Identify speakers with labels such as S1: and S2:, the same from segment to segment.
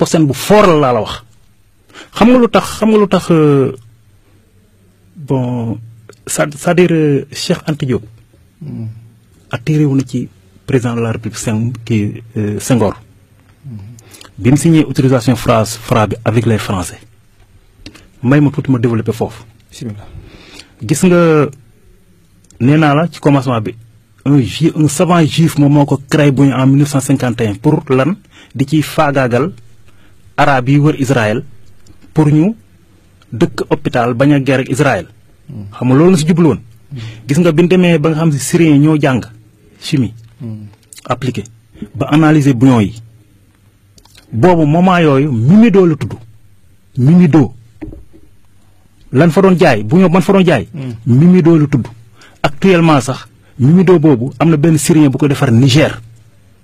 S1: pourcent bu fort la la wax xam nga lutax xam nga lutax tax euh, bon c'est-à-dire euh, Cheikh Anta Diop hmm. attiré wu na ci président de la République Sen kii euh, Senghor hmm. bi signé autorisation Fra Fra avec les Français may ma tuuti ma développé foofu. bismillah gis nga nee la ci commencement bi. un ju un savant juif moom créé bu en 1951 pour lan di ci fagagal arab yi wër Israël pour ñu dëkk hôpital bañ a guerre ak Israël. xam nga loolu si jublu woon. gis nga bi ñu ba nga xam si syrien ñoo jàng chimie. appliqué ba analyser bouillon yi boobu moment yooyu Mimido la tudd Mimido lan fa doon jaay bouillon man fa doon jaay. Hmm. Mimido la tudd actuellement sax Mimido boobu am na benn Syrien bu ko defar Niger.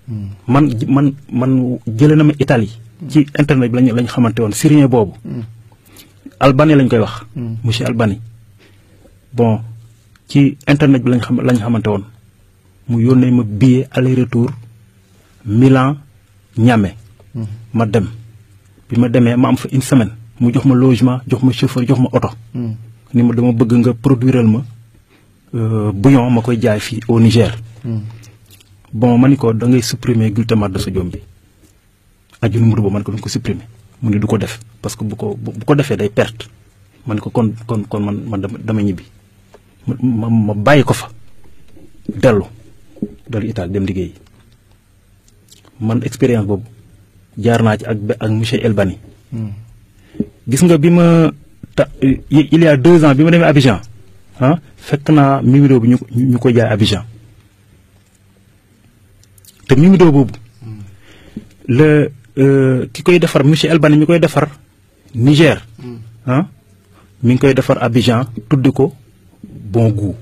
S1: Hmm. man man man jëlee na ma Italie ci internet bi lañ lañ xamanté won syrien boobu. Hmm. albani lañ koy wax. Hmm. monsieur albani bon ci internet bi lañ xam lañ xamanté won mu yónnee ma billet aller retour Milan Niamey. Hmm. ma dem bi ma ma am fa une semaine mu jox ma logement jox ma chauffeur jox ma ni ma dama bëgg nga produiral ma euh, bouillon ma jaay fi au Niger. bon maniko da ngay supprimer de aju numéro bo man ko dañ ko supprimer mu ni du ko def parce que bu ko bu ko defé day perte man ko kon kon kon man man dama ñibi ma ma fa delu dellu ital dem liggéey man experience bobu jaar naa ci ak ak monsieur Elbani. Hmm. gis nga bima ta il y a 2 ans ha demé Abidjan ah fekk na numéro bi ñu ko jaay Abidjan te numéro bobu hmm. le Euh, ki koy defar monsieur Elbani mi koy defar Niger ah mi ngi koy defar Abidjan tuddi ko bon goût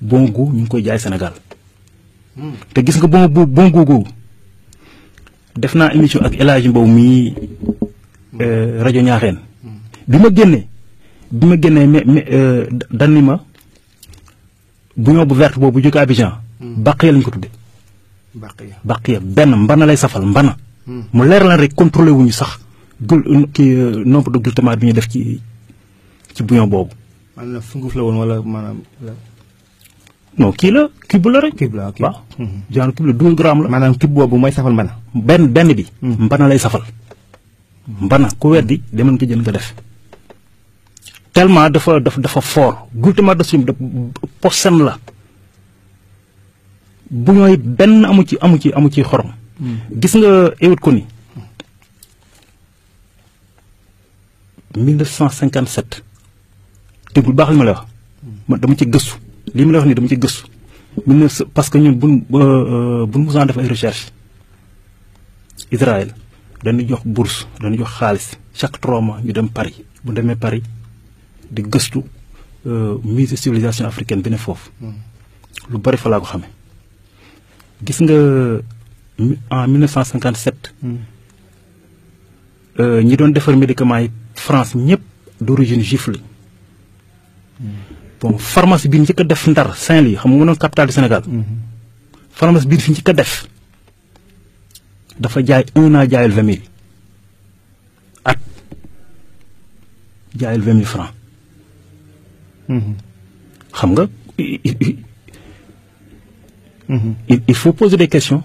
S1: bon goût ñu ngi koy jaay Sénégal hmm. te gis nga bon goût bon goût defna émission ak Elage Hadj Mbow mii hmm. euh, rajo Ñaaxeen bi bima génné bima génné mais euh danima buñoo bu verte bobu jóge Abidjan bàq ya lañ ko tudde baqiya baqiya ben mbana lay safal mbana mu leer la rek contrôlé wuñu sax gul euh, ki euh, nombre de glutamate bi ñu def ci ci bouillon boobu.
S2: maanaam la woon wala maanaam.
S1: kii la cube la rek. cube la waaw. Mhm. genre cube la 12 grammes la. maanaam cube boobu mooy safal mbana. benn benn bi. Mhm. mbana lay safal. mbana ku weddi demoon nga jël nga def. tellement dafa dafa dafa fort glutamate de sodium da la. bu ñooy benn amu ci amu ci amu ci xorom. gis nga Ewut Koni 1957 déggul baax li ma lay wax man dama ci gëstu li ma lay wax ni dama ci gëstu. parce que ñun buñ euh, buñ mosaan def ay recherches Israël dañu jox bourse dañu jox xaalis chaque trois mois ñu dem Paris bu demee Paris di euh musée civilisation africaine bi ne hmm. lu bari fa la ko xamé gis nga. Hmm. en 1957. nous avons fait des médicaments en France d'origine gifle. la hmm. pharmacie est en train de Saint-Louis, c'est la capitale du Sénégal. La hmm. pharmacie est en train de faire. Il y a un an, il y 20 000. il y 20 000 francs. il faut poser des questions.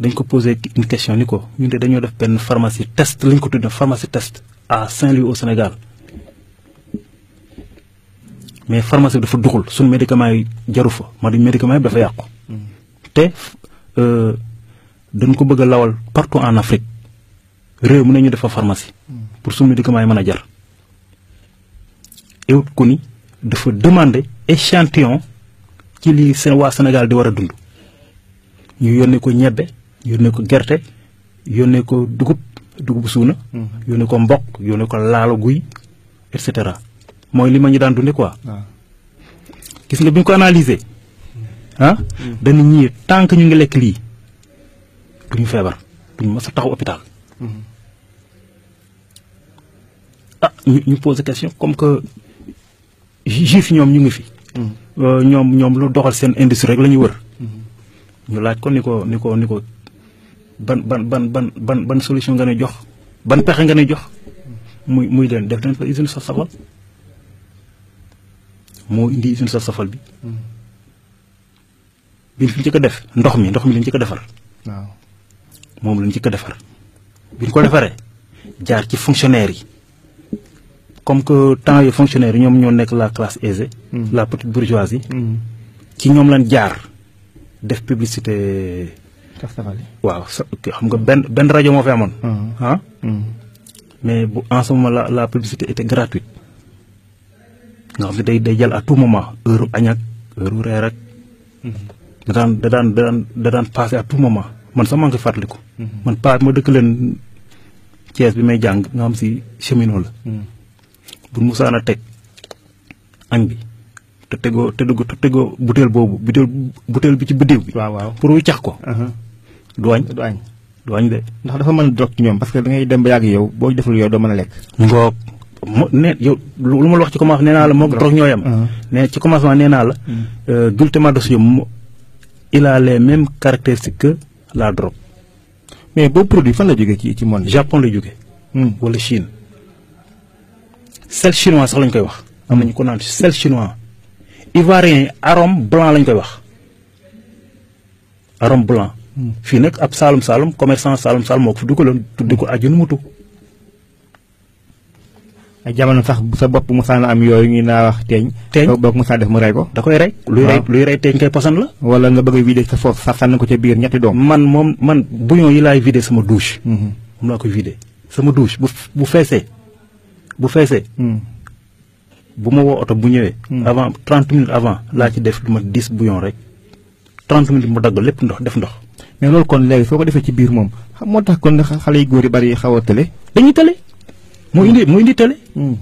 S1: dañ ko posé une question ni ko ñun de dañoo def benn pharmacie test lañ ko tuddee pharmacie test à Saint-Louis au Sénégal mais pharmacie dafa duxul suñ médicament yi jaru fa ma duñ médicament yi dafa yàqu. te euh, dañ ko bëgg a lawal partout en Afrique réew mu ne ñu def pharmacie pour suñ médicament yi mën a jar ewut ko ni dafa demander échantillon ci li seen waa Sénégal di war a dund ñu yónnee ko ñebbe yone ko gerte yone ko dugub dugub suuna. Mhm. yone ko mbok yone ko laalo et cetera moy li ma ñu daan dundé quoi. Ah. gis nga bi ko analyser ah, mhm. tant que ñu ngi les lii duñu feebar duñu mës a taxaw hôpital. Mhm. ah ñu posons question comme que j'ai fini ñu ngi fi. Euh, ñom ñom lu industrie rek lañu wër. ñu laaj ban ban ban ban ban ban solution nga ne jox ban pexe nga ne jox muy muy leen def leen fa usine saf safal moo indi usine saf safal bi bi fi ci ko def ndox mi ndox mi lañ ci ko defar waaw moom lañ ci ko defar biñ ko defaree jaar ci fonctionnaire yi comme que temps yi fonctionnaire yi ñoo nekk la classe aisée mm. la petite bourgeoisie mm. ci ñoom lañ jaar def publicité Wow, xam nga benn ben rajo moo fi amoon. ah. mais bu en ce moment la la publicité était gratuite nga xam ne day day jël à tout moment heure añak heure reer ak. Hmm. da daan da daan da daan da à tout moment man sama maa man pa ma dëkk len Thiès bi may jàng nga xam si cheminot la. bu Musaana teg añ bi. te tegoo te tegoo butéel boobu butéel butéel bi ci biddiw bi. waaw waaw pour ko. Uh-huh. du wañ du añ de. ndax dafa mën a ñoom parce que da ngay dem ba yàgg yow boo deful yow doo mën a lekk. ngoog mu ne yow lu ma la wax ci commencement nee naa la moo drogue ñoo yem. mais ah. ci commencement nee naa la. glutamate de sodium il a les mêmes caractéristiques que la drogue. mais boobu produit fan la jógee ci ci monde Japon la jógee. Hmm. wala Chine. sel chinois sax lañ koy wax. am nañu hmm. ko naan sel chinois. ivoirien arôme blanc lañ koy wax arôme fi nak ab salum salum commerçant salum salum moko moo ko lon dugaloon tuddi ko ajun mutu
S2: ay jamono sax sa bop mu sa na am yoy ngi na wax teñ teeñ boo ko mosaan def mu ray ko. da koy rey. luy ray luy ray teñ kay posan la. wala nga bëgg vider sa fof sa
S1: sànni ko ci biir ñetti dom man mom man bouillon yi lay vider sama douche. hmm moom laa koy vider sama douche bu bu feesee bu feesee. Mm. bu ma wo auto bu ñewé mm. avant 30 minutes avant la ci def luma 10 dix bouillon rek 30 minutes mu dag lepp
S2: ndox def ndox. mais loolu kon léegi soo ko defee ci biir moom xam moo tax kon xale yu góor yi bari xaw a tële dañuy tële moo indi moo indi tële hmm.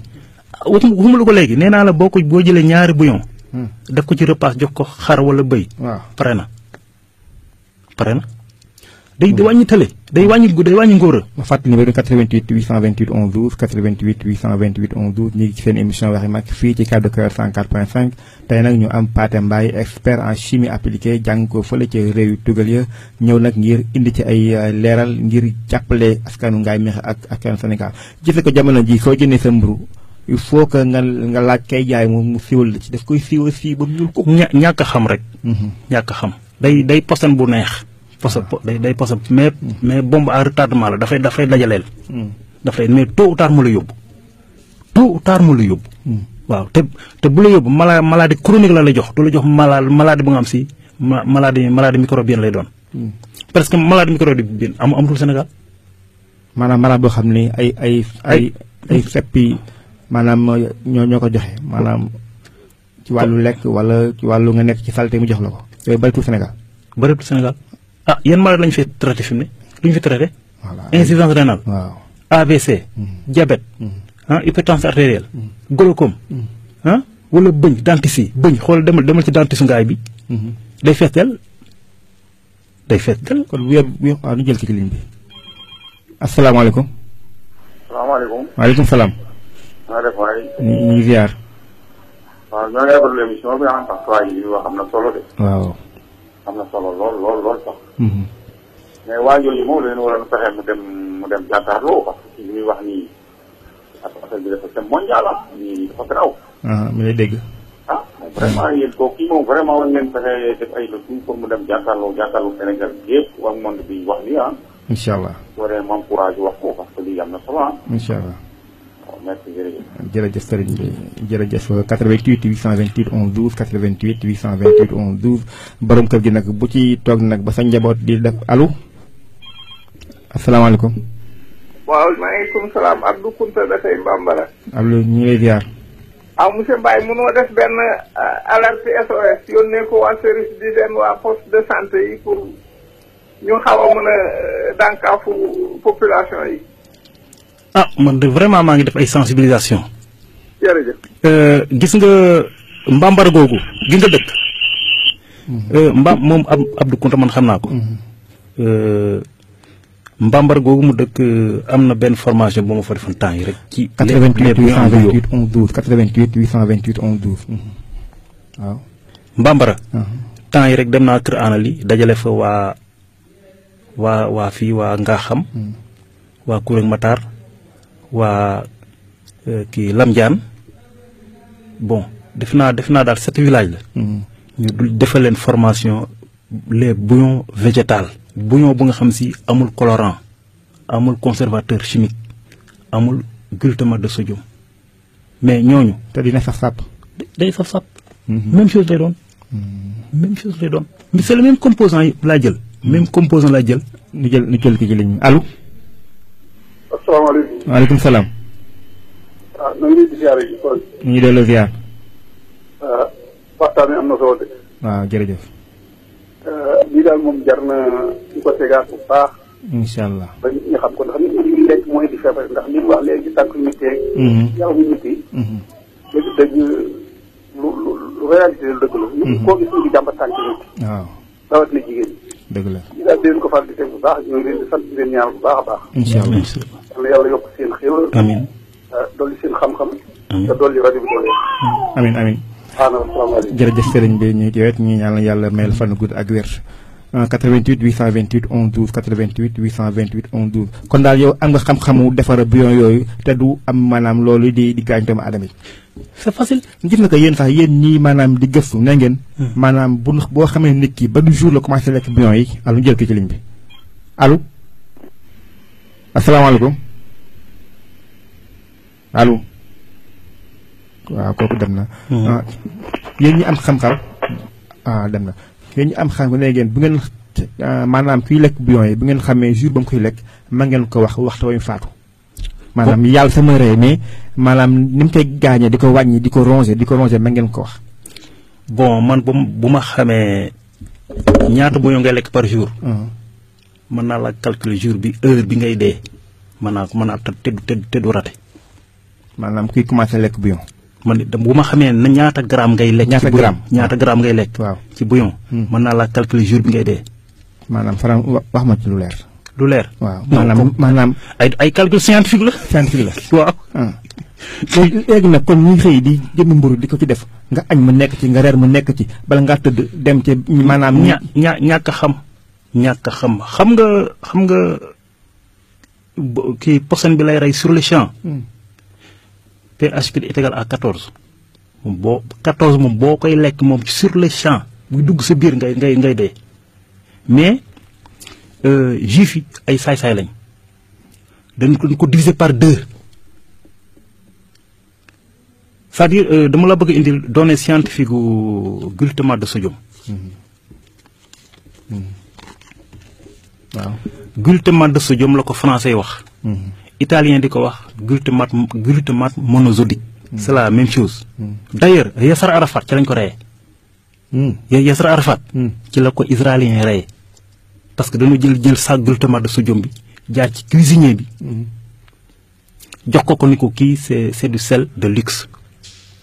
S2: waxuma la ko léegi nee naa la boo ko
S1: boo jëlee ñaari buyon hmm. daf ko ci repas jox ko xar wala bëy pare na
S2: pare na day wàññi tële day wàññi gu day wàññi ngóor. ma fàttali numéro 88 828 11 12 88 828 11 12 ñu ngi ci seen émission waxi mag fii ci Cadre Cœur 104.5 tey nag ñu am Pathé Mbaye expert en chimie appliquée jàng ko fële ca réew yu tugal ya ñëw nag ngir indi ci ay leeral ngir jàppale askanu Ngaye Mékhé ak askanu Sénégal gis ko jamono ji soo jëndee sa mburu il faut que nga nga laaj kay jaay moom mu siwal ci daf koy siwal fii ba ñàkk xam rek. Mhm. ñàkk xam day day posan
S1: bu neex. poste day day poste mais mais bombe à retardement la dafay dajalel, da dafay mais tôt ou tard mu la yóbbu tôt ou tard mu la yóbbu. Hmm. waaw te te bu la yóbbu mala maladie chronique la la jox du la jox mala maladie bu nga am si ma maladie maladie microbienne
S2: lay doon. Hmm. parce que maladie microbienne am amatul Sénégal. maanaam maladie boo xam ne ay ay ay ay feppi maanaam ñoo ñoo joxe maanaam ci wàllu lekk wala ci nga ci salte mu jox la ko yooyu bëreetul bari bëreetul Sénégal. ah yan maladies lañ fi traité fi mu ne lu ñu fi traité. insuffisance rénale.
S1: ABC. Mm. diabète. Mm. ah hypertension artérielle. Mm. glaucome. ah wala bëñ dentistes bëñ xool demal demal ci dentiste ngaay bi. Mm-hmm. day fees del
S2: day fees del. kon wéer wéer waaw ñu jël ci ligne bi. asalaamaaleykum. salaamaaleykum. waaleykum salaam. waaw. am na solo lool lool lool sax. Mm-hmm. mais waa jooju moom la leen waroon fexe mu dem mu dem jàkkaarloo parce que li muy wax nii affaire bi dafa c'est mondial ah nii dafa garaaw.
S3: Ah, mi lay dégg.
S2: ah vraiment mm-hmm. yéen kooku kii moom vraiment war ngeen fexe def ay le tout pour mu dem jàkkaarloo jàkkaarloo Sénégal yëpp waa monde bi wax lii ah. incha allah waree mu wax ko parce na solo ah. incha merci jërëjëf. jërëjëf sëriñ bi jërëjëf 88 828 11 12 88 828 11 12 borom kër gi nag bu ci toog nag ba sa njaboot di def allo asalaamaaleykum. waaw maaleykum salaam ah, def benn euh, alerte SOS yónnee ko waa service di leen waa poste de santé yi pour ñu xaw mën a euh, dànkaafu population yi.
S1: ah man de vraiment maa ngi def ay sensibilisation. jërëjëf. Euh, gis nga mbambara googu gi nga dëkk. Euh, mbaam moom ab Abdou Kounta man xam naa ko. Mhm. Euh, mbambara googu mu dëkk am na formation bu ma fa defoon temps yi rek. ci 88
S2: 828 11 12 88 828
S3: 11 12. waaw.
S1: mbambara. Mhm. temps yi rek dem naa Kër Anali dajale fa wa wa fi wa waa Ngaxam. Mhm. waa Koureg Matar. wa euh, ki Lamdiane bon defna defna dal cette village la. Hmm. ñu formation les bouillons végétal bouillon bu nga xam si amul colorant amul conservateur chimique amul glutamate de sodium mais ñooñu. te dina saf sap day saf sap hmm. même chose lay doon. Hmm. même chose lay doon. mais c'est le même composant la jël. même composant la jël. ñu jël ñu jël salaamaaleykum. waaleykum salaam. waaw na ngeen
S2: di ngi delloo ziar.
S1: Ah, am na solo de. Ah, lii daal
S2: moom jar na ñu ko tegaat bu baax. incha allah ba ñu xam ko ndax nit ñi lekk mooy di feebar ndax li wax léegi tànk ñu teeg. Mm-hmm. yàlla mu nit yi. dëgg dëgg lu lu lu réalité la dëgg la. Mm-hmm. koo gis ñu ngi jàmbat tànk nit. waaw rawatina jigéen ñi. dëgg la ñu daal di leen ko faral di teg bu baax ñu ngi leen di sant di leen ñaar bu baax baax. la yàlla
S3: seen xéwal. Amin. Ah, dolli seen xam-xam. amiin te dolli bi doole.
S2: amiin jërëjëf sëriñ bi ñu ñu ñaan yàlla mayal fan ak wér. 88 828 12 88 828 12 kon daal yow am nga xam-xamu defar bouillon yooyu te du am maanaam loolu di di gaañ doomu aadama yi c'est facile gis nga ko yéen sax yéen ñii maanaam di gëstu ne ngeen hmm. maanaam bu boo xamee nit ki ba jour la commencé lekk yi jël ko ci ligne bi asalaamaaleykum allo waaw kooku dem na. yéen ñi am xam-xam ah dem na yéen ñi am xam ne ngeen bu ngeen maanaam kuy lekk bouillon yi bu ngeen xamee jour ba mu koy lekk ma ngeen ko wax waxtu ba mu faatu. maanaam yàlla sama rey mais maanaam ni mu koy gaañee di ko wàññi di ko rongé di ko rongé ma ngeen ko wax.
S1: bon man bu bu ma xamee ñaata bouillon ngay lekk par jour. mën naa la calculer jour bi heure bi ngay dee mën naa ko mën naa tëdd tëdd tëdd rate. manam ki commencé lek bouillon. man bu ma xamee na ñaata gram ngay lek ñaata gram ñaata gram ngay lek waaw ci bouillon. man hmm. na la calculer jour bi ngay dé
S2: manam faram wax ma ci lu leer. lu leer waaw manam manam ay ay calcul scientifique la. scientifique la waaw. Hmm. léegi léegi na kon ñu xey di jëm mburu di ci def nga añ mu nekk ci nga reer mu nekk ci bala nga tëdd dem ci manam ña ña ñàkk xam.
S1: ñàkk xam xam nga xam nga ki personne bi lay ray sur le champ. Hmm. pH bi égal à 14 moom boo 14 moom boo koy lekk moom sur le champ buy dugg sa biir ngay ngay ngay dee mais euh, juif yi ay saay-saay lañ dañ ko ko diviser par deux c'est-à-dire euh, dama la bëgg indil données scientifique ou gultement de sodium.
S3: Mm-hmm. Mm-hmm.
S1: waaw Gultement de sodium la ko français wax. Mm-hmm. italien di ko wax glutamate glutamate monosodique c'est la même chose d'ailleurs yasser arafat ci lañ ko reyé hmm. ya-, yasser arafat hmm. ci la ko israélien ray parce que dañu jël jël sa glutamate de sodium bi jaar ci cuisinier bi hmm. jox ko ko niko ki c'est c'est du sel de luxe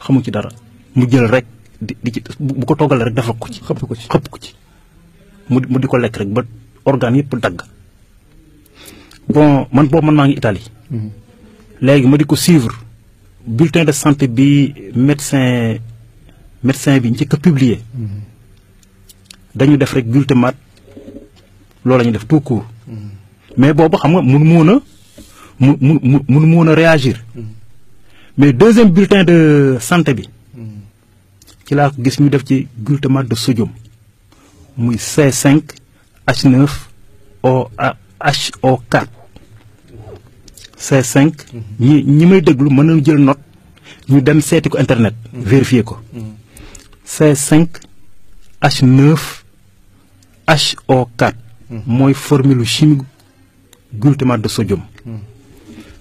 S1: xamu ci dara mu jël rek di ci bu ko togal rek dafa ko ci xëpp ko ci xëpp ko ci mu di ko lek rek ba organe dag hmm bon man boobu man mangi Italie. Mhm. les ma di suivre bulletin de santé bi médecin médecin bi njëkk a publier. Mhm. dañu def rek bulletin mat lolu lañu def tout court. Mhm. mais bon xam nga mun mun mu mu réagir. mais deuxième bulletin de santé bi. ci la ko gis ñu def ci de sodium muy C5 H9 O HO4 C5 ni ni may de mën note ñu internet mm-hmm. vérifier ko C5 H9 HO4 moy formule chimique glutamate de sodium mm-hmm.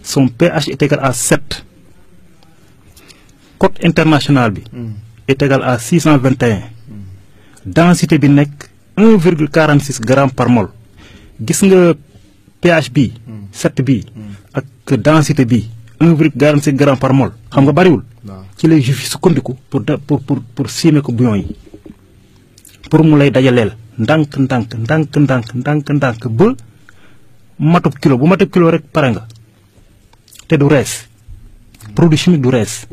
S1: son pH est égal à 7 code international mm-hmm. est égal à 621 densité bi 1,46 g par mol gis nga pH bi. Hmm. set bi. Hmm. ak densité bi 1,46 gramme par mol xam nga bariwul. ci lay jufi yi sukkandiku pour pour pour pour simé ko bouillon yi pour mu lay dajalel ndank ndank ndank ndank ndank ndank bu matub kilo bu matub kilo rek paranga, té du res hmm. produit chimique du res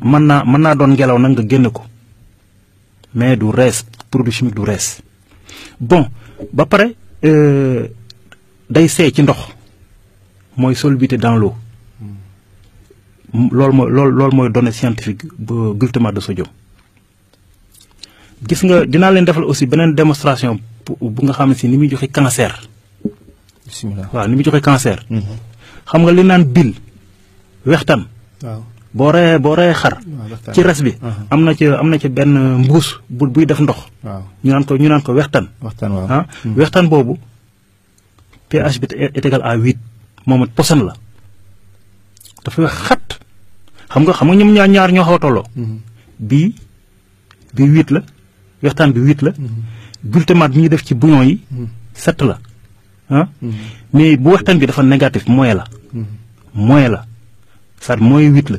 S1: man na man na don ngelaw nang nga ko mais du res produit chimique du res bon ba pare Euh, day see ci ndox mooy solubilité dans l'eau loolu mooy loolu loolu mooy donné scientifique bu glutamate de sodium gis nga dinaa leen defal aussi beneen démonstration bu nga xam ne si ni muy joxe cancer. bisimilah waaw ni muy joxe cancer. Mhm. xam nga li naan bile wextaan. boré boré xar
S3: ah, ci res bi ben
S1: ah. bus, ci amna ci ben mbous bu buy def ndox ñu nan ko ñu nan ko wextan wa wextan ah. hmm. bobu pH bi est égal à 8 moom posan la da fay xat xam nga xam nga ñum ñaar ñoo xaw tolo hmm. bi bi 8 la wextan bi 8 la bultemate hmm. bi def ci bouillon yi 7 la mais bu wextan bi dafa négatif moy la moy la cest moy 8 la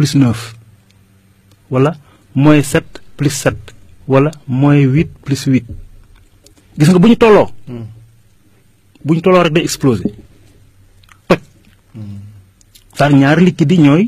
S1: plus 9 wala mooy 7 plus 7 wala mooy 8 plus 8 gis nga buñu tolo hmm. buñu tolo rek day exploser toj tar hmm. ñaar liquide ñoy